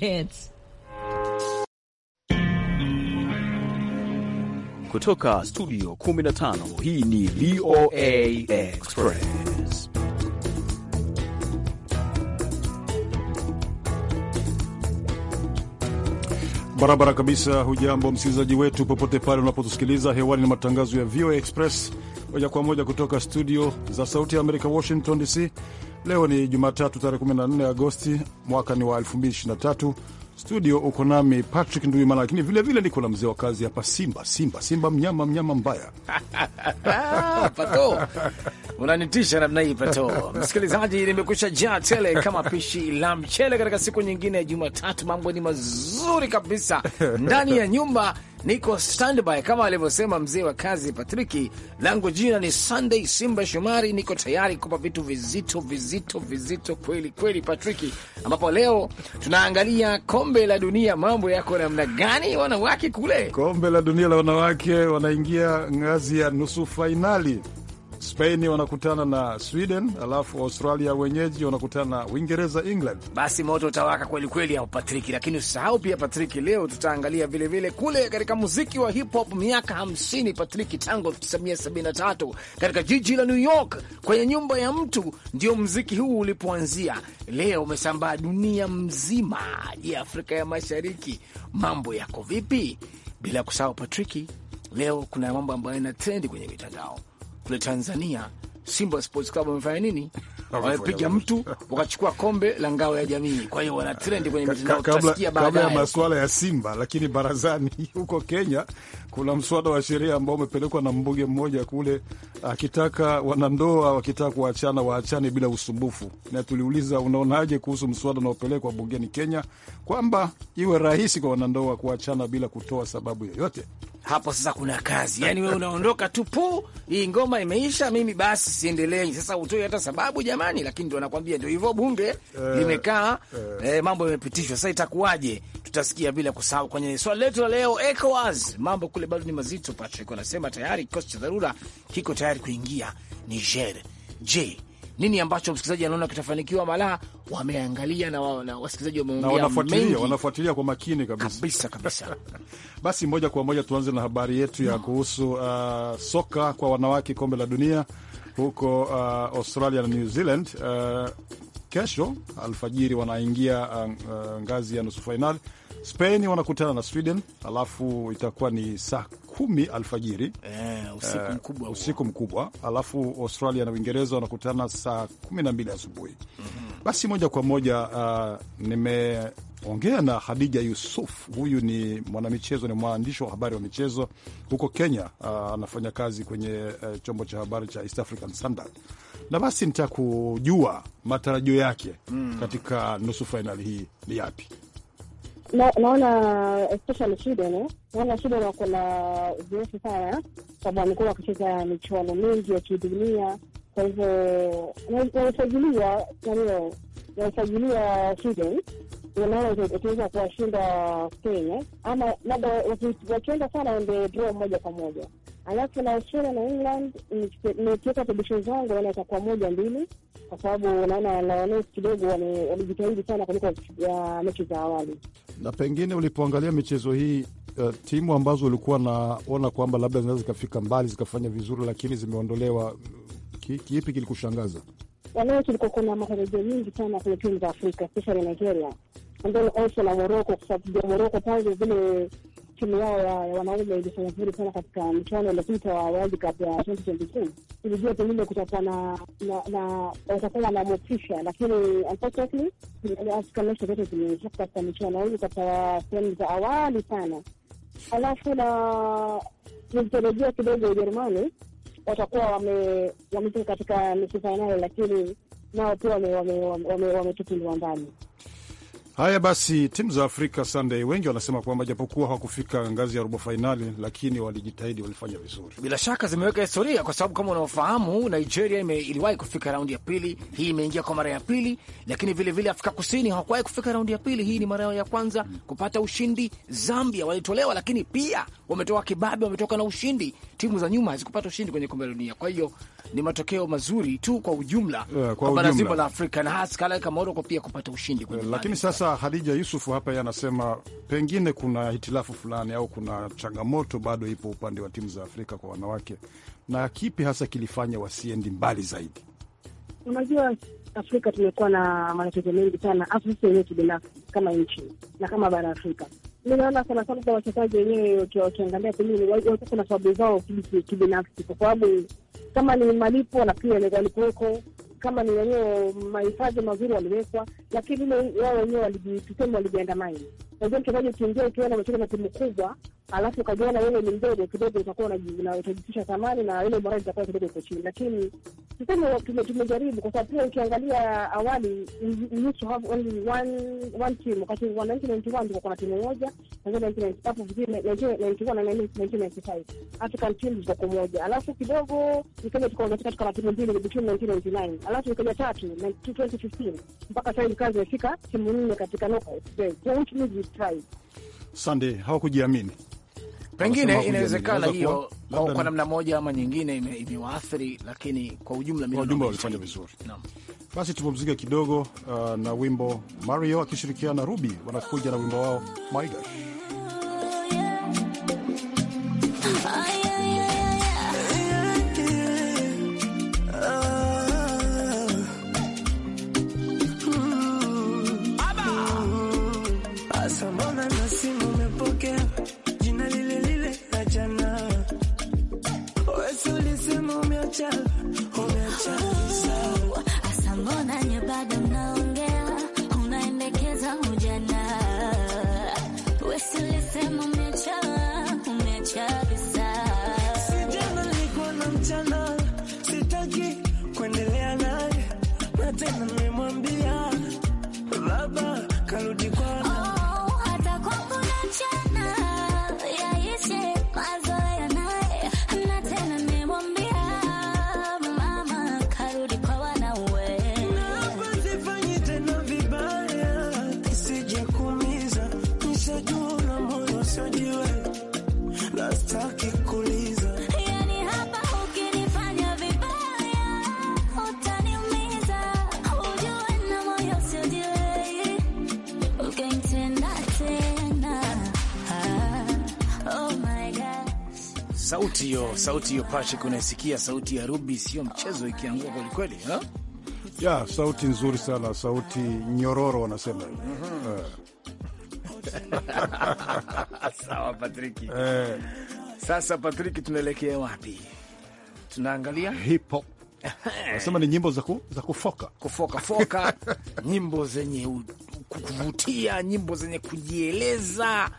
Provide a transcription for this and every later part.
Hits. Kutoka studio 15 hii ni VOA Express. Barabara kabisa. Hujambo msikilizaji wetu, popote pale unapotusikiliza hewani, na matangazo ya VOA Express moja kwa moja kutoka studio za Sauti ya Amerika, Washington DC. Leo ni Jumatatu tarehe 14 Agosti mwaka ni wa 2023. Studio uko nami Patrick Nduimana, lakini vilevile niko na mzee wa kazi hapa, Simba Simba Simba, mnyama mnyama mbaya Pato, unanitisha namna hii Pato. Msikilizaji, nimekusha jaa tele kama pishi la mchele katika siku nyingine ya Jumatatu. Mambo ni mazuri kabisa ndani ya nyumba niko standby kama alivyosema mzee wa kazi Patriki. Langu jina ni Sunday Simba Shomari, niko tayari kupa vitu vizito vizito vizito kweli kweli, Patriki, ambapo leo tunaangalia kombe la dunia. Mambo yako namna gani wanawake kule? Kombe la dunia la wanawake wanaingia ngazi ya nusu fainali Spain wanakutana na Sweden, alafu Australia wenyeji wanakutana na Uingereza, England. Basi moto utawaka kweli kweli hapo Patrick, lakini usisahau pia Patrick, leo tutaangalia vile vile kule katika muziki wa hip hop miaka 50 Patrick, tangu 1973 katika jiji la New York kwenye nyumba ya mtu ndio muziki huu ulipoanzia. Leo umesambaa dunia mzima. Je, Afrika ya Mashariki mambo yako vipi? Bila kusahau Patrick, leo kuna mambo ambayo yana trendi kwenye mitandao kule Tanzania Simba Sports Club wamefanya nini? Wamepiga mtu wakachukua kombe la ngao ya jamii. Kwa hiyo wana trend kwenye mitandao, tutasikia baadaye kabla ya masuala ya Simba. Lakini barazani huko Kenya kuna mswada wa sheria ambao umepelekwa na mbunge mmoja kule, akitaka wanandoa wakitaka kuachana waachane bila usumbufu. Na tuliuliza unaonaje kuhusu mswada unaopelekwa bungeni Kenya kwamba iwe rahisi kwa wanandoa kuachana bila kutoa sababu yoyote hapo sasa kuna kazi yani, we unaondoka tu pu, hii ngoma imeisha, mimi basi siendelei sasa. Utoi hata sababu jamani, lakini ndo nakwambia ndo hivyo, bunge eh, limekaa eh, eh, mambo yamepitishwa. Sasa itakuwaje? Tutasikia bila kusahau kwenye swali letu la leo ECOWAS. Mambo kule bado ni mazito. Patrick anasema tayari kikosi cha dharura kiko tayari kuingia Niger. Je, nini ambacho msikilizaji anaona kitafanikiwa. Malaa wameangalia na, wa, na wasikilizaji wameongea wanafuatilia kwa makini kabisa kabisa, kabisa. Basi moja kwa moja tuanze na habari yetu ya mm. kuhusu uh, soka kwa wanawake, kombe la dunia huko uh, Australia na New Zealand uh, kesho alfajiri wanaingia uh, uh ngazi ya nusu fainali. Spain wanakutana na Sweden, alafu itakuwa ni saa kumi alfajiri eh, usiku, eh, mkubwa usiku mkubwa, alafu Australia na Uingereza wanakutana saa kumi na mbili asubuhi. mm -hmm. Basi moja kwa moja uh, nimeongea na Hadija Yusuf. Huyu ni mwanamichezo, ni mwandishi wa habari wa michezo huko Kenya. Uh, anafanya kazi kwenye uh, chombo cha habari cha East African Standard, na basi nitakujua matarajio yake mm. katika nusu fainali hii ni yapi? naona especially Sweden, naona Sweden wako na uzoefu sana, sababu wamekuwa wakicheza michuano mingi ya kidunia. Kwa hivyo naisajiliwa nanio naisajiliwa Sweden, naona itaweza kuwashinda Kenya ama labda wakienda sana ende draw moja kwa moja alafu na Australia na England nikiweka prediction zangu naona itakuwa moja mbili, kwa sababu naona Lions kidogo walijitahidi sana kuliko ya mechi za awali. Na pengine ulipoangalia michezo hii uh, timu ambazo ulikuwa naona kwamba labda zinaweza zikafika mbali zikafanya vizuri, lakini zimeondolewa, kipi kilikushangaza? Yaani Waleo tulikuwa kuna matarajio mingi sana kwenye timu za Afrika especially Nigeria, and also na Moroko, kwa sababu Moroko pale zile timu yao ya wanaume ilifanya vizuri sana katika mchuano uliopita wa World Cup ya 2022. Ilijua pengine kutakuwa na na watakuwa lakini unfortunately African nation zote zimetoka katika michuano hii katika sehemu za awali sana, alafu na nilitarajia kidogo Ujerumani watakuwa wame wametoka katika nusu fainali, lakini nao pia wametupiliwa mbali. Haya basi, timu za Afrika Sunday, wengi wanasema kwamba japokuwa hawakufika ngazi ya robo fainali, lakini walijitahidi, walifanya vizuri. Bila shaka zimeweka historia, kwa sababu kama unaofahamu Nigeria iliwahi kufika raundi ya pili, hii imeingia kwa mara ya pili. Lakini vilevile vile Afrika Kusini hawakuwahi kufika raundi ya pili, hii ni mara ya kwanza kupata ushindi. Zambia walitolewa, lakini pia wametoka kibabe, wametoka na ushindi. Timu za nyuma hazikupata ushindi kwenye kombe la dunia, kwa hiyo ni matokeo mazuri tu kwa ujumla eh, kwa bara zima la Afrika na hasa kala kama Moroko pia kupata ushindi kwenye. Eh, lakini sasa Hadija Yusuf hapa yanasema pengine kuna hitilafu fulani au kuna changamoto bado ipo upande wa timu za Afrika kwa wanawake, na kipi hasa kilifanya wasiendi mbali zaidi? Unajua, Afrika tumekuwa na matatizo mengi sana, Afrika yenyewe kibinafsi kama nchi na kama bara Afrika ninaona sana sana kwa wachezaji wenyewe wakiangalia pengine wako na sababu zao kibinafsi, kwa sababu kama ni malipo na pia likuweko kama ni wenyewe mahifadhi mazuri waliwekwa, lakini ile wao wenyewe walijienda walijiandamani. Najua mchezaji ukiingia ukiona umecheza na timu kubwa, alafu ukajiona wewe ni mdogo kidogo, utakuwa utajihusisha thamani na ile morali itakuwa kidogo iko chini, lakini tuseme tumejaribu, kwa sababu pia ukiangalia awali we only one Wakati wa 1991 tulikuwa timu moja, Tanzania 1990 1995 African alafu kidogo ikaja tukaongezeka tukawa timu mbili between 1999, alafu ikaja tatu 2015 mpaka sasa kazi imefika timu nne katika knockout stage, Sunday hawakujiamini pengine inawezekana hiyo kwa namna moja ama nyingine imewaathiri lakini kwa ujumla kwa ujumla walifanya vizuri. basi tupumzike kidogo uh, na wimbo Mario akishirikiana Ruby wanakuja na wimbo wao My Gosh. Sauti hiyo, sauti hiyo Patrick, unaisikia sauti ya Rubi, sio mchezo, ikiangua kweli, ha? Ya, sauti nzuri sana, sauti nyororo wanasema hivi. mm -hmm. uh. Sawa Patrick. Eh. Sasa Patrick, tunaelekea wapi? Tunaangalia hip hop. Nasema ni nyimbo za ku, za kufoka kufoka foka nyimbo zenye kuvutia, nyimbo zenye kujieleza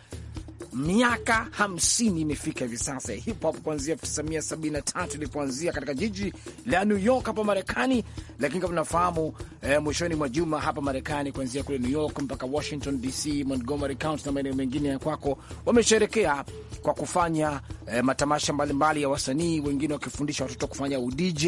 miaka hamsini imefika hivi sasa ya hip hop kuanzia 1973 ilipoanzia katika jiji la New York hapa Marekani, lakini kama tunafahamu eh, mwishoni mwa juma hapa Marekani, kuanzia kule New York mpaka Washington DC, Montgomery County na maeneo mengine ya kwako, wamesherekea kwa kufanya eh, matamasha mbalimbali mbali ya wasanii, wengine wakifundisha watoto kufanya udj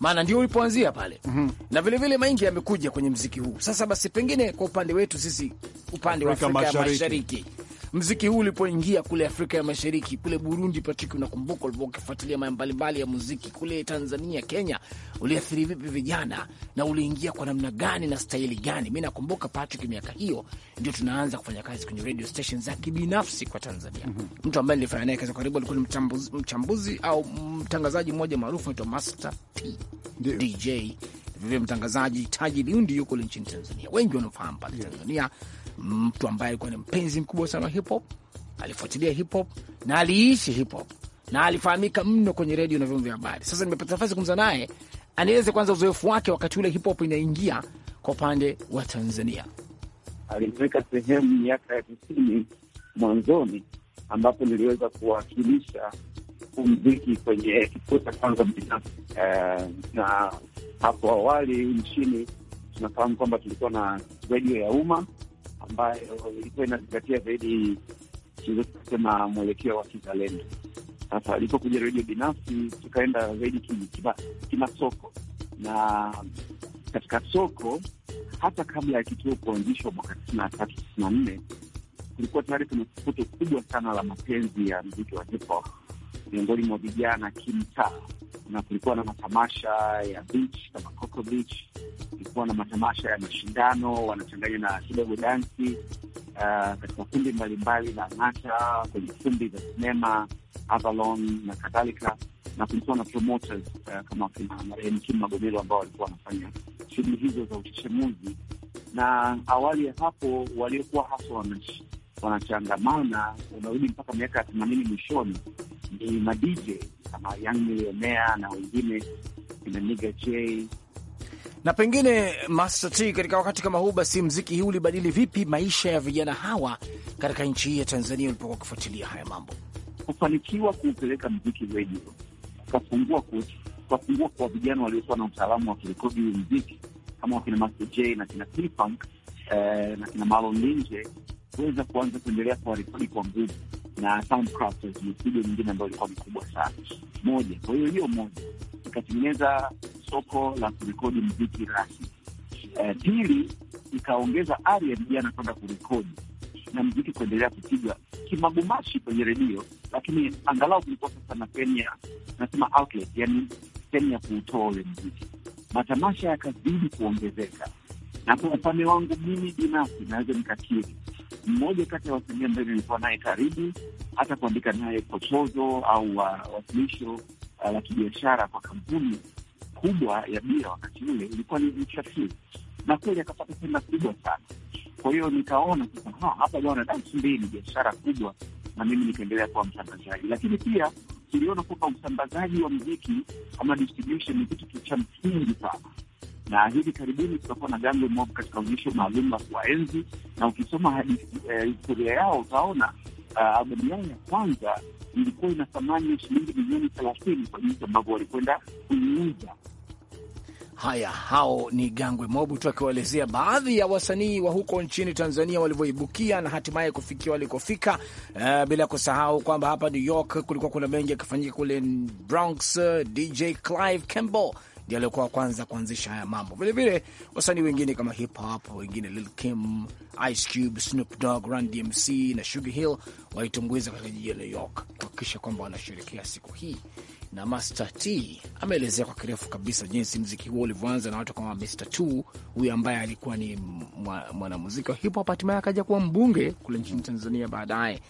maana ndio ulipoanzia pale. mm -hmm. Na vilevile mengi yamekuja kwenye mziki huu sasa. Basi pengine kwa upande wetu sisi, upande wa Afrika, Mashariki, Mashariki mziki huu ulipoingia kule Afrika ya Mashariki, kule Burundi, Patrick, unakumbuka ulivyokuwa ukifuatilia mambo mbalimbali ya muziki kule Tanzania, Kenya, uliathiri vipi vijana na uliingia kwa namna gani na staili gani? Mi nakumbuka Patrick, miaka hiyo ndio tunaanza kufanya kazi kwenye radio station za kibinafsi kwa Tanzania. mm -hmm. Mtu ambaye nilifanya naye kazi karibu alikuwa ni mchambuzi, mchambuzi au mtangazaji mmoja maarufu anaitwa Master T P DJ, vivyo mtangazaji Taji Liundi yuko nchini Tanzania, wengi wanamfahamu pale Tanzania mtu ambaye alikuwa ni mpenzi mkubwa sana wa hip hop, alifuatilia hip hop na aliishi hip hop na alifahamika mno kwenye redio na vyombo vya habari. Sasa nimepata nafasi kuzungumza naye, anieleze kwanza uzoefu wake wakati ule hip hop inaingia kwa upande wa Tanzania. alimweka sehemu miaka ya tisini mwanzoni, ambapo niliweza kuwakilisha mziki kwenye kituo cha kwanza binafsi eh, na hapo awali nchini tunafahamu kwamba tulikuwa na redio ya umma ambayo ilikuwa inazingatia zaidi kusema mwelekeo wa kizalendo. Sasa alipokuja redio binafsi, tukaenda zaidi kimasoko, na katika soko, hata kabla ya kituo kuanzishwa mwaka tisini na tatu tisini na nne kulikuwa tayari kuna fukuto kubwa sana la mapenzi ya mziki wa hip hop miongoni mwa vijana kimtaa, na kulikuwa na matamasha ya beach kama Coco Beach, kulikuwa na matamasha ya mashindano wanachanganya na kidogo dansi uh, katika kumbi mbalimbali la Ang'ata, kwenye kumbi za sinema Avalon na kadhalika, na kulikuwa na promoters uh, kama kina marehemu Kim Magomelo ambao walikuwa wanafanya shughuli hizo za uchechemuzi, na awali ya hapo waliokuwa haswa wanachangamana unarudi mpaka miaka ya themanini mwishoni ni madije kama Young Millionaire na wengine kina Nigga J na pengine Master T. Katika wakati kama huu, basi mziki huu ulibadili vipi maisha ya vijana hawa katika nchi hii ya Tanzania ulipokuwa ukifuatilia haya mambo? Kufanikiwa kuupeleka mziki redio, kafungua ukafungua kwa vijana waliokuwa na utaalamu wa kurekodi huu mziki kama wakina Master J na kina T-Funk eh, na kina Marlon Ninje kuweza kuanza kuendelea kuwarekodi kwa nguvu na Soundcraft ni studio nyingine ambayo ilikuwa mkubwa sana moja. Kwa hiyo hiyo moja ikatengeneza soko la kurekodi mziki rasmi. Uh, pili ikaongeza ari ya vijana kwenda kurekodi na mziki kuendelea kupigwa kimagumashi kwenye redio, lakini angalau kulikuwa sasa na sehemu ya nasema outlet, yani sehemu ya kuutoa ule mziki. Matamasha yakazidi kuongezeka, na kwa upande wangu mimi binafsi naweza nikakiri mmoja kati ya wasanii ambaye nilikuwa naye karibu hata kuandika naye kochozo au uh, wasilisho uh, la kibiashara kwa kampuni kubwa ya bia wakati ule ilikuwa ni Msafiri, na kweli akapata tenda kubwa sana. Kwa hiyo nikaona sasa hapa bwana dansi mbili biashara kubwa, na mimi nikaendelea kuwa msambazaji, lakini pia tuliona kwamba usambazaji wa mziki ama distribution ni kitu cha msingi sana na hivi karibuni tutakuwa na gangwe Mob katika onyesho maalum la kuwaenzi, na ukisoma hadithi eh, historia yao utaona eh, albamu yao ya kwanza ilikuwa ina thamani ya shilingi milioni thelathini kwa jinsi ambavyo walikwenda kuiuza. Haya, hao ni Gangwe Mobu tu akiwaelezea baadhi ya wasanii wa huko nchini Tanzania walivyoibukia na hatimaye kufikia walikofika. Uh, bila kusahau kwamba hapa New York kulikuwa kuna mengi yakifanyika kule Bronx. DJ Clive Campbell ndiye aliokuwa kwanza kuanzisha haya mambo. Vilevile wasanii wengine kama hip hop, wengine Lil Kim, Ice Cube, Snoop Dogg, Run DMC na Sugar Hill walitumbuiza katika jiji la New York kuhakikisha kwamba wanasherekea siku hii, na Master T ameelezea kwa kirefu kabisa jinsi mziki huo ulivyoanza na watu kama Mr. T huyu ambaye alikuwa ni mwanamuziki wa hip hop, hatimaye akaja kuwa mbunge kule nchini Tanzania baadaye.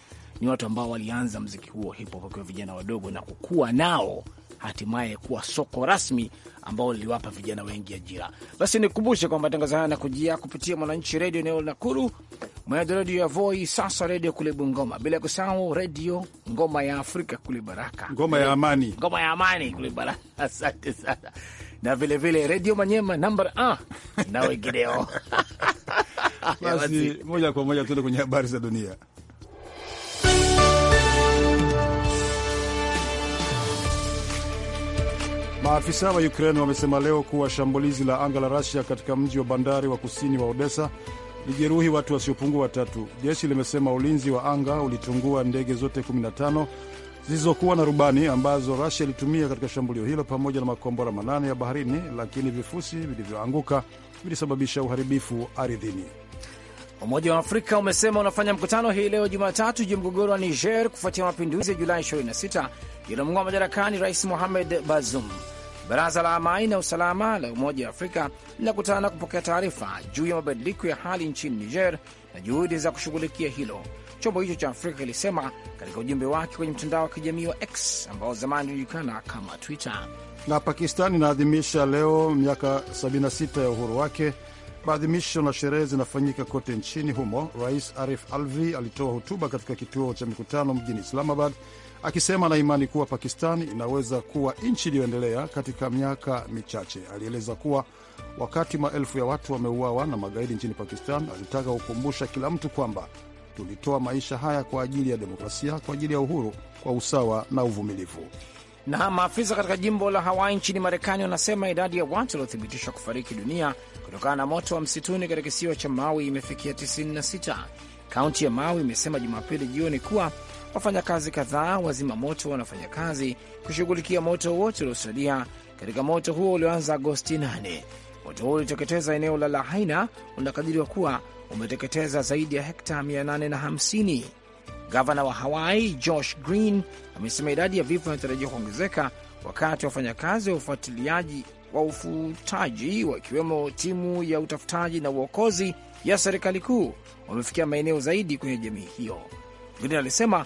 Ni watu ambao walianza mziki huo hip hop wakiwa vijana wadogo na kukua nao hatimaye kuwa soko rasmi ambao liliwapa vijana wengi ajira. Basi nikukumbushe kwamba matangazo haya yanakujia kupitia Mwananchi Redio eneo la Nakuru, Mwananchi Redio ya Voi, Sasa Redio kule Bungoma, bila kusahau Redio Ngoma ya Afrika kule Baraka, Ngoma ya Amani, Ngoma ya Amani kule Baraka. Asante sana, na vilevile Redio Manyema namba a na wengineo. Basi moja kwa moja tuende kwenye habari za dunia. Maafisa wa Ukraine wamesema leo kuwa shambulizi la anga la rasia katika mji wa bandari wa kusini wa Odessa lijeruhi watu wasiopungua watatu. Jeshi limesema ulinzi wa anga ulitungua ndege zote 15 zilizokuwa na rubani ambazo rasia ilitumia katika shambulio hilo pamoja na makombora manane ya baharini, lakini vifusi vilivyoanguka vilisababisha uharibifu ardhini. Umoja wa Afrika umesema unafanya mkutano hii leo Jumatatu juu ya mgogoro wa Niger kufuatia mapinduzi ya Julai 26 iliyomng'oa madarakani Rais Mohamed Bazoum. Baraza la Amani na Usalama la Umoja wa Afrika linakutana kupokea taarifa juu ya mabadiliko ya hali nchini Niger na juhudi za kushughulikia hilo. Chombo hicho cha Afrika kilisema katika ujumbe wake kwenye mtandao wa kijamii wa X ambao zamani ulijulikana kama Twitter. Na Pakistan inaadhimisha leo miaka 76 ya uhuru wake. Maadhimisho na sherehe zinafanyika kote nchini humo. Rais Arif Alvi alitoa hotuba katika kituo cha mikutano mjini Islamabad akisema na imani kuwa Pakistan inaweza kuwa nchi iliyoendelea katika miaka michache. Alieleza kuwa wakati maelfu ya watu wameuawa na magaidi nchini Pakistan, alitaka kukumbusha kila mtu kwamba tulitoa maisha haya kwa ajili ya demokrasia, kwa ajili ya uhuru, kwa usawa na uvumilivu. Na maafisa katika jimbo la Hawaii nchini Marekani wanasema idadi ya watu waliothibitishwa kufariki dunia kutokana na moto wa msituni katika kisiwa cha Maui imefikia 96. Kaunti ya Maui imesema Jumapili jioni kuwa Wafanyakazi kadhaa wazima moto wanafanya kazi kushughulikia moto wote uliosalia katika moto huo ulioanza Agosti 8. Moto huo ulioteketeza eneo la Lahaina unakadiriwa kuwa umeteketeza zaidi ya hekta 850. Gavana wa Hawaii Josh Green amesema idadi ya vifo inatarajiwa kuongezeka wakati wafanyakazi wa ufuatiliaji wa ufutaji wakiwemo timu ya utafutaji na uokozi ya serikali kuu wamefikia maeneo zaidi kwenye jamii hiyo. Green alisema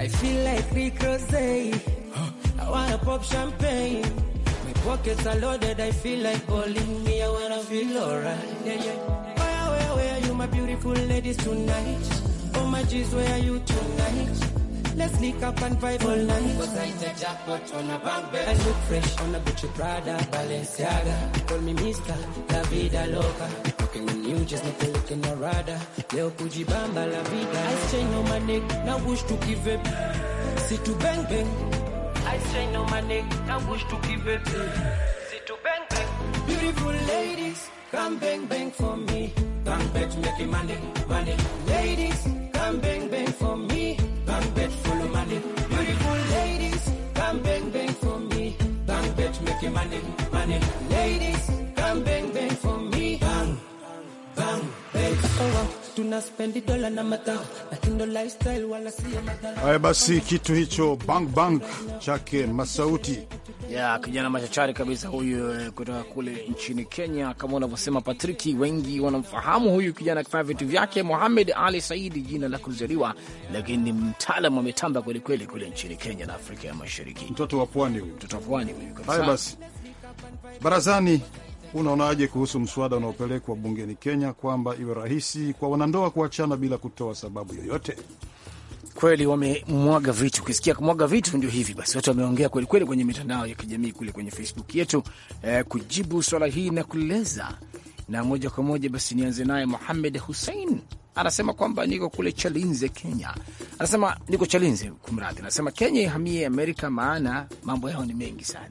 I feel like Rick Rose. I wanna pop champagne. My pockets are loaded. I feel like calling me. I wanna feel alright. Yeah, yeah. Where, where, where are you, my beautiful ladies tonight? Oh my G's, where are you tonight? Let's sneak up and vibe all night. Cause I hit a jackpot on a bank bed. I look fresh on a Gucci Prada, Balenciaga. Call me Mr. La Vida Loca bitches nipeleke na rada leo kujibamba la vida ice chain on my neck na wish to give it see to bang bang ice chain on my neck na wish to give it see to bang bang beautiful ladies come bang bang for me bang bet make money money ladies come bang bang for me bang bet full of money beautiful ladies come bang bang for me bang bet make money money ladies come bang bang Haya basi, kitu hicho bang bang chake Masauti ya kijana machachari kabisa huyu eh, kutoka kule nchini Kenya. Kama unavyosema Patriki, wengi wanamfahamu huyu kijana akifanya vitu vyake. muhamed Ali Saidi jina la kuzaliwa, lakini ni mtaalamu ametamba kwelikweli kule nchini Kenya na Afrika ya Mashariki. Mtoto wa pwani huyu, mtoto wa pwani huyu kabisa. Haya basi, barazani Unaonaje kuhusu mswada unaopelekwa bungeni Kenya kwamba iwe rahisi kwa wanandoa kuachana bila kutoa sababu yoyote? Kweli wamemwaga vitu, ukisikia kumwaga vitu ndio hivi basi. Watu wameongea kweli kweli kwenye mitandao ya kijamii kule kwenye Facebook yetu eh, kujibu swala hii na kuleza na moja kwa moja basi nianze naye Muhamed Hussein anasema kwamba niko kule Chalinze, Kenya. Anasema niko Chalinze, kumradhi. Anasema Kenya ihamie Amerika, maana mambo yao ni mengi sana.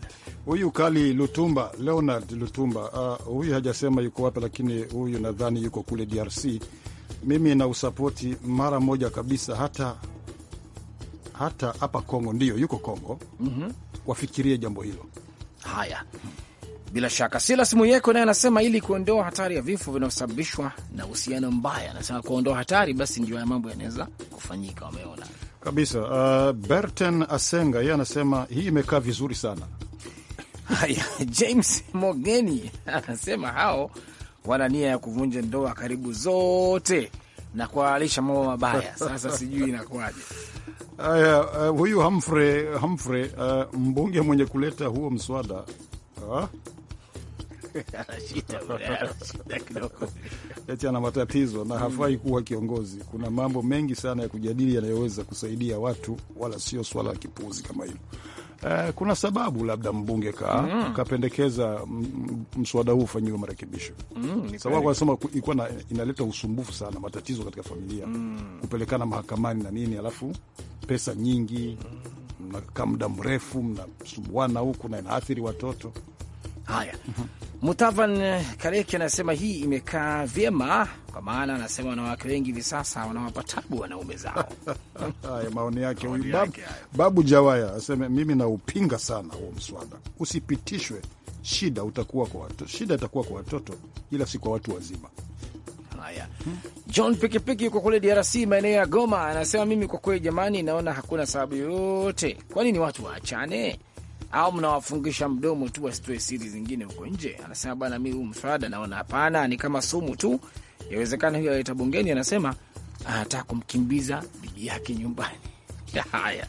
Huyu Kali Lutumba, Leonard Lutumba, uh, huyu hajasema yuko wapi, lakini huyu nadhani yuko kule DRC. Mimi na usapoti mara moja kabisa, hata hata hapa Kongo, ndiyo yuko Kongo. mm -hmm. Wafikirie jambo hilo. Haya, bila shaka Silas Muyeko naye anasema ili kuondoa hatari ya vifo vinavyosababishwa na uhusiano mbaya, anasema kuondoa hatari, basi ndio haya mambo yanaweza kufanyika. Wameona kabisa. Uh, Berten Asenga yeye anasema hii imekaa vizuri sana Haya, James Mogeni anasema hao wana nia ya kuvunja ndoa karibu zote na kuwawalisha mambo mabaya. Sasa sijui inakuwaje. Haya, uh, huyu Humphrey, Humphrey uh, mbunge mwenye kuleta huo mswada uh? eti ana matatizo na hafai mm. kuwa kiongozi. Kuna mambo mengi sana ya kujadili yanayoweza kusaidia watu, wala sio swala la kipuuzi kama hilo eh, kuna sababu labda mbunge ka mm. kapendekeza mswada huu ufanyiwe marekebisho mm, sababu anasema ilikuwa inaleta usumbufu sana, matatizo katika familia mm. kupelekana mahakamani na nini, alafu pesa nyingi mm. mnakaa muda mrefu mnasumbuana huku na inaathiri watoto Haya, Mutavan eh, Kareki anasema hii imekaa vyema, kwa maana anasema wanawake wengi hivi sasa wanawapa tabu wanaume zao. Haya maoni yake huyu babu, babu Jawaya aseme mimi naupinga sana huo mswada, usipitishwe. Shida utakuwa kwa shida itakuwa kwa watoto, ila si kwa watu wazima. Haya, John Pikipiki yuko kule DRC maeneo ya Goma, anasema mimi kwa kweli, jamani, naona hakuna sababu yoyote, kwa nini watu waachane au mnawafungisha mdomo tu wasitoe siri zingine huko nje? Anasema bwana, mi huu mswada naona hapana, ni kama sumu tu. Yawezekana huyo aleta bungeni, anasema anataka kumkimbiza bibi yake nyumbani. Haya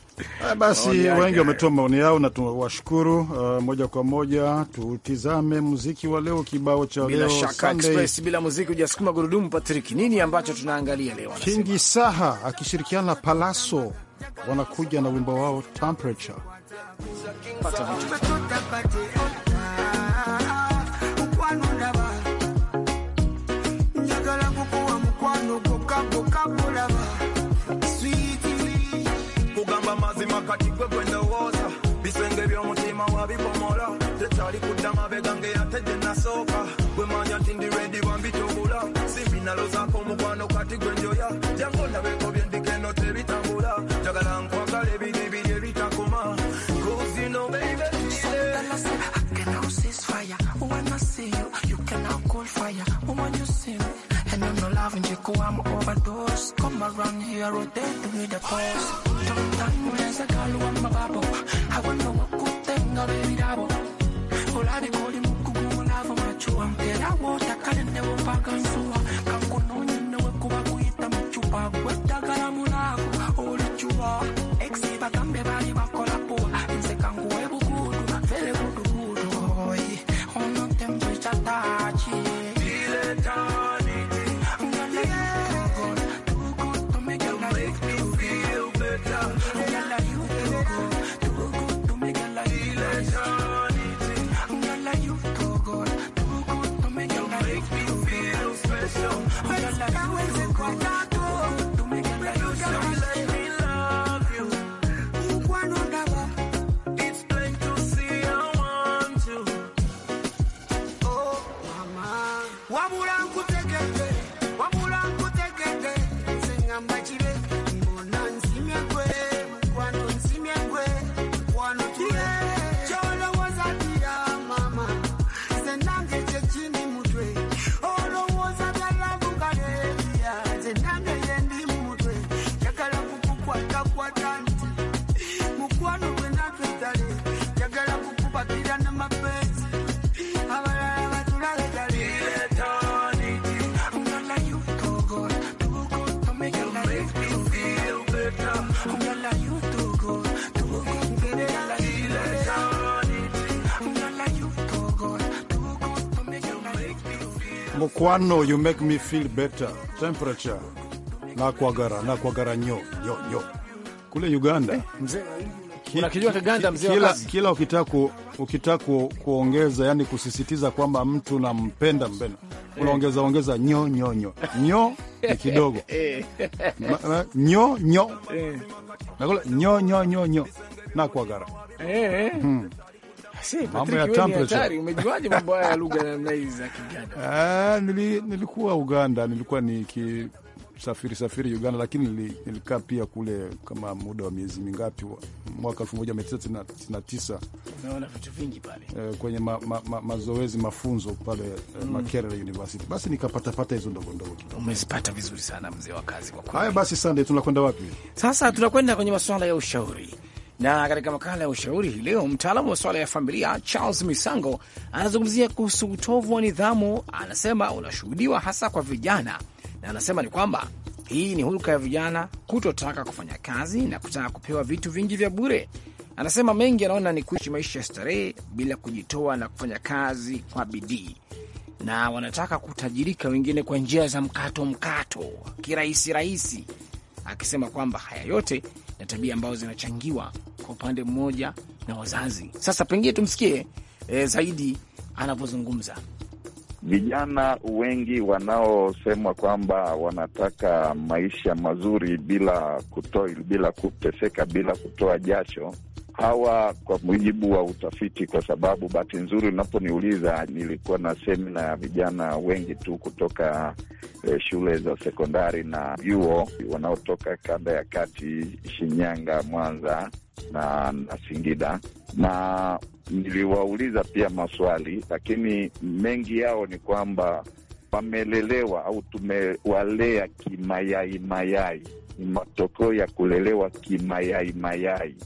basi, wengi wametoa maoni yao na tuwashukuru Uh, moja kwa moja tutizame muziki wa leo, kibao cha bila leo shaka express. Bila muziki hujasukuma gurudumu. Patrick, nini ambacho tunaangalia leo? Kingi Saha akishirikiana na Palaso wanakuja na wimbo wao Temperature. Pata hapo. I'm overdose Come around here, rotate with the force Sometimes when I say call you, I'm a babo I want to walk with them, i be dabo All I be calling, I'm and I'm going to go and i and I'm Mukwano, you make me feel better temperature na kuagara nyo nyo nyo kule Uganda eh, mzee Kaganda mzee kila, kila ukitaku ukitaku kuongeza yani kusisitiza kwamba mtu nampenda mpenda unaongeza ongeza nyo nyo nyo nyo ni kidogo eh. nyo nyo eh. nakula nyo nyo nyo nyo nakwagara hmm mambo ya temperature. Umejuaje mambo haya ya lugha na namna hizi za Kiganda? Ah, nili, nilikuwa Uganda, nilikuwa niki safiri safiri Uganda, lakini nilikaa pia kule kama muda wa miezi mingapi, mwaka 1999 naona vitu vingi pale eh, kwenye ma, ma, ma, mazoezi mafunzo pale eh, mm. Makerere University. Basi nikapatapata hizo ndogo ndogo Umezipata vizuri sana mzee wa kazi kwa kweli. Haya basi, Sande, tunakwenda wapi sasa? Tunakwenda kwenye masuala ya ushauri na katika makala ya ushauri hii leo, mtaalamu wa swala ya familia Charles Misango anazungumzia kuhusu utovu wa nidhamu. Anasema unashuhudiwa hasa kwa vijana, na anasema ni kwamba hii ni hulka ya vijana kutotaka kufanya kazi na kutaka kupewa vitu vingi vya bure. Anasema mengi anaona ni kuishi maisha ya starehe bila kujitoa na kufanya kazi kwa bidii, na wanataka kutajirika wengine kwa njia za mkato mkato, kirahisi rahisi, akisema kwamba haya yote na tabia ambazo zinachangiwa kwa upande mmoja na wazazi. Sasa pengine tumsikie e, zaidi anavyozungumza. Vijana wengi wanaosemwa kwamba wanataka maisha mazuri bila bila kuteseka bila kutoa jasho hawa kwa mujibu wa utafiti, kwa sababu bahati nzuri unaponiuliza, nilikuwa na semina ya vijana wengi tu kutoka eh, shule za sekondari na vyuo wanaotoka kanda ya kati, Shinyanga, Mwanza na, na Singida na niliwauliza pia maswali, lakini mengi yao ni kwamba wamelelewa au tumewalea kimayai mayai, ni matokeo ya kulelewa kimayai mayai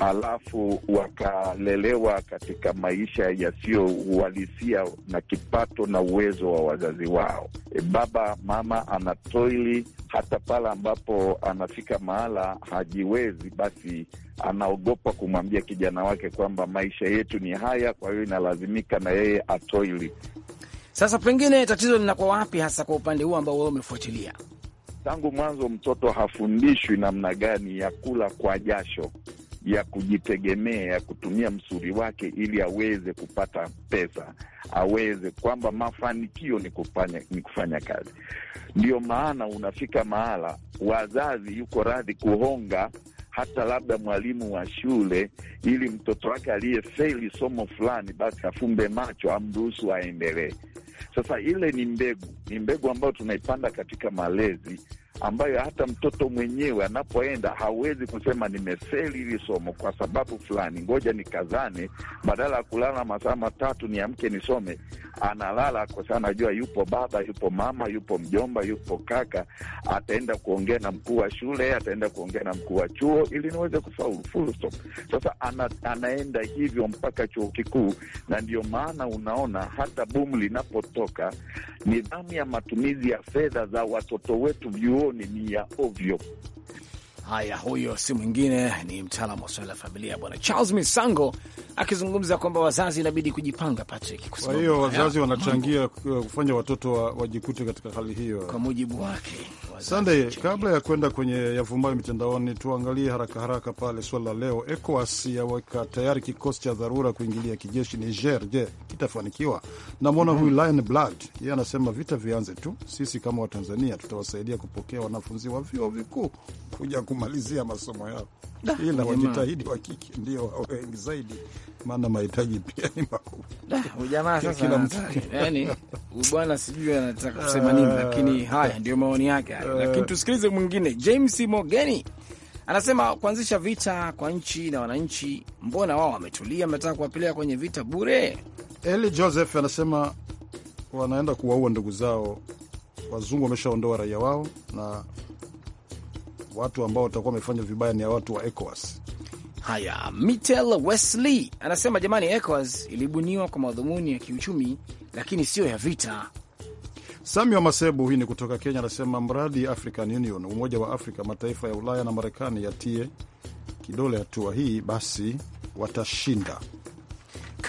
alafu wakalelewa katika maisha yasiyo uhalisia na kipato na uwezo wa wazazi wao. E, baba mama anatoili hata pale ambapo anafika mahala hajiwezi, basi anaogopa kumwambia kijana wake kwamba maisha yetu ni haya, kwa hiyo inalazimika na yeye atoili. Sasa pengine tatizo linakuwa wapi hasa kwa upande huo ambao wewe umefuatilia? Tangu mwanzo mtoto hafundishwi namna gani ya kula kwa jasho ya kujitegemea ya kutumia msuri wake ili aweze kupata pesa, aweze kwamba mafanikio ni kufanya, ni kufanya kazi. Ndiyo maana unafika mahala wazazi yuko radhi kuhonga hata labda mwalimu wa shule ili mtoto wake aliyefeli somo fulani, basi afumbe macho, amruhusu aendelee. Sasa ile ni mbegu, ni mbegu ambayo tunaipanda katika malezi ambayo hata mtoto mwenyewe anapoenda hawezi kusema nimefeli hili somo kwa sababu fulani, ngoja nikazane, badala ya kulala masaa matatu niamke nisome. Analala kwa sana, najua yupo baba, yupo mama, yupo mjomba, yupo kaka, ataenda kuongea na mkuu wa shule, ataenda kuongea na mkuu wa chuo ili niweze kufaulu, full stop. Sasa ana, anaenda hivyo mpaka chuo kikuu, na ndio maana unaona hata bumu linapotoka, nidhamu ya matumizi ya fedha za watoto wetu vyuo hiyo ni nia ovyo. Haya, huyo si mwingine ni mtaalamu wa swala la familia, bwana Charles Misango akizungumza kwamba wazazi inabidi kujipanga, Patrick. Kwa hiyo wazazi wanachangia kufanya watoto wajikute katika hali hiyo, kwa mujibu wake. Sunday, kabla ya kwenda kwenye yavumayo mitandaoni, tuangalie haraka haraka pale swala la leo. ECOWAS yaweka tayari kikosi cha dharura kuingilia kijeshi Niger. Je, kitafanikiwa? Namwona mm -hmm. huyu Lion Blood yeye anasema vita vianze tu, sisi kama Watanzania tutawasaidia kupokea wanafunzi wa vyuo vikuu kuja kumalizia masomo yao ila wajitahidi wa kike ndio wengi zaidi, maana mahitaji pia ni makubwa. sasa, yani bwana sijui anataka kusema nini, eh. lakini haya ndio maoni yake. Eh. Lakini tusikilize mwingine, James Mogeni anasema kuanzisha vita kwa nchi na wananchi, mbona wao wametulia, mnataka kuwapeleka kwenye vita bure. Eli Joseph anasema wanaenda kuwaua ndugu zao, wazungu wameshaondoa raia wao na watu ambao watakuwa wamefanya vibaya ni ya watu wa ECOWAS. Haya, Mitel Wesley anasema jamani, ECOWAS ilibuniwa kwa madhumuni ya kiuchumi, lakini siyo ya vita. Sami wa Masebu, hii ni kutoka Kenya, anasema mradi African Union, Umoja wa Afrika, mataifa ya Ulaya na Marekani yatie kidole hatua hii, basi watashinda.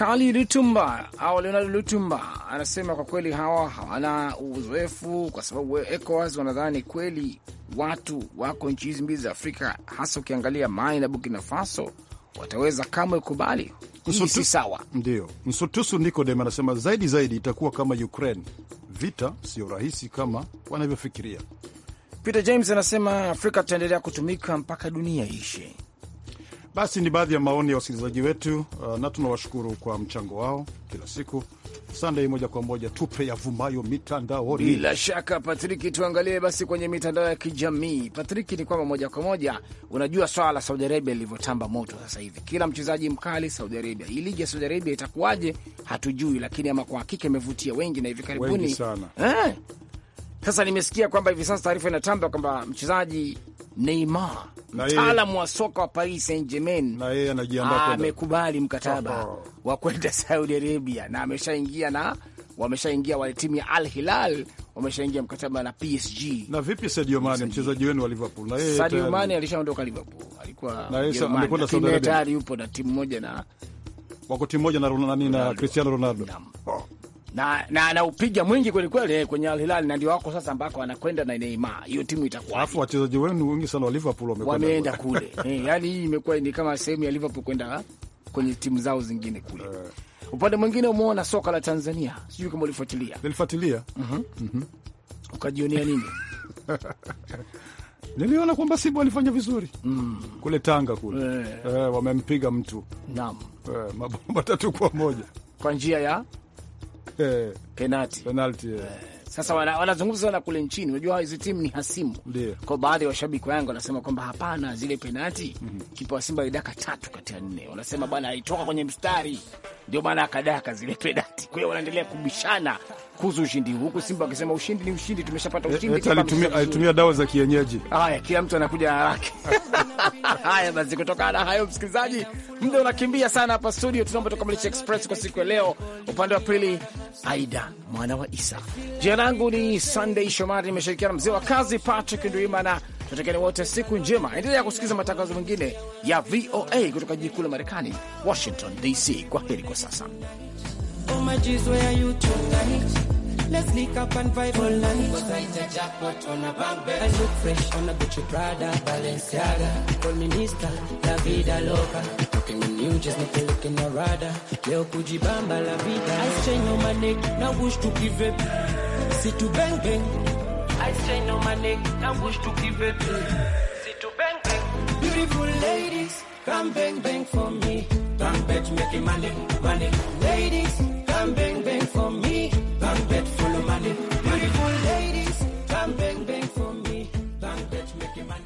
Kali Lutumba au Leonard Lutumba anasema kwa kweli hawa hawana uzoefu, kwa sababu ECOWAS wanadhani kweli watu wako nchi hizi mbili za Afrika, hasa ukiangalia Mali na Burkina Faso wataweza kamwe kubali si sawa. Ndio Msutusu Nikodem anasema zaidi zaidi itakuwa kama Ukraine, vita sio rahisi kama wanavyofikiria. Peter James anasema Afrika tutaendelea kutumika mpaka dunia ishe. Basi ni baadhi ya maoni ya wasikilizaji wetu, uh, na tunawashukuru kwa mchango wao kila siku. Sandei, moja kwa moja tupe yavumayo mitandaoni. Bila shaka, Patriki, tuangalie basi kwenye mitandao ya kijamii. Patriki, ni kwamba moja kwa moja, unajua swala la Saudi Arabia lilivyotamba moto sasa hivi, kila mchezaji mkali Saudi Arabia. Hii ligi ya Saudi Arabia itakuwaje hatujui, lakini ama kwa hakika imevutia wengi na hivi karibuni sana. Eh, sasa nimesikia kwamba hivi sasa taarifa inatamba kwamba mchezaji Neymar, mtaalamu wa soka wa Paris Saint-Germain, amekubali mkataba wa kwenda Saudi Arabia na ameshaingia na wameshaingia wale timu ya Al Hilal wameshaingia mkataba na PSG. Na vipi Sadio Mane mchezaji wenu wa Liverpool? Na yeye Sadio Mane alishaondoka Liverpool, alikuwa na yeye amekwenda Saudi Arabia, tayari yupo na timu moja na wako timu moja na nani na Cristiano Ronaldo na na anaupiga mwingi kweli kweli eh, kwenye Al Hilal, na ndio wako sasa ambako anakwenda na Neymar. Hiyo timu itakuwa alafu wachezaji wenu wengi sana wa Liverpool wamekwenda wameenda kule hey, eh, yani hii imekuwa ni kama sehemu ya Liverpool kwenda ah, kwenye timu zao zingine kule uh. Upande mwingine umeona soka la Tanzania, sijui kama ulifuatilia. Nilifuatilia mhm mm -hmm. Ukajionea nini? Niliona kwamba Simba walifanya vizuri mm. kule Tanga kule eh. Eh, wamempiga mtu naam eh, mabomba tatu kwa moja kwa njia ya Eh, penalty yeah. Eh. Sasa wanazungumza wana kule nchini, unajua hizi timu ni hasimu kwao. Baadhi ya washabiki wa Yanga wanasema kwamba hapana, zile penati mm -hmm. kipa wa Simba alidaka tatu kati ya nne, wanasema bwana alitoka kwenye mstari, ndio maana akadaka zile penati. Kwa hiyo wanaendelea kubishana kuhusu ushindi huku Simba wakisema ushindi ni ushindi, tumeshapata eh, ushindi. Eh, alitumia dawa za kienyeji. Haya, kila mtu anakuja haraka. Haya basi, kutokana na hayo, msikilizaji, muda unakimbia sana hapa studio. Tunaomba tukamilishe express kwa siku ya leo. Upande wa pili, Aida mwana wa Isa Jena langu ni Sunday Shomari, nimeshirikiana mzee wa kazi Patrick Ndwimana. Tunatakieni wote siku njema. Endelea kusikiliza matangazo mengine ya VOA kutoka jiji kuu la Marekani, Washington DC. Kwa heri kwa sasa. si tu bang bang. I say no money, I wish to give it. Si tu bang bang. Beautiful ladies, come bang bang for me. Come bet making money, money. Ladies, come bang bang for me. Come bet full of money.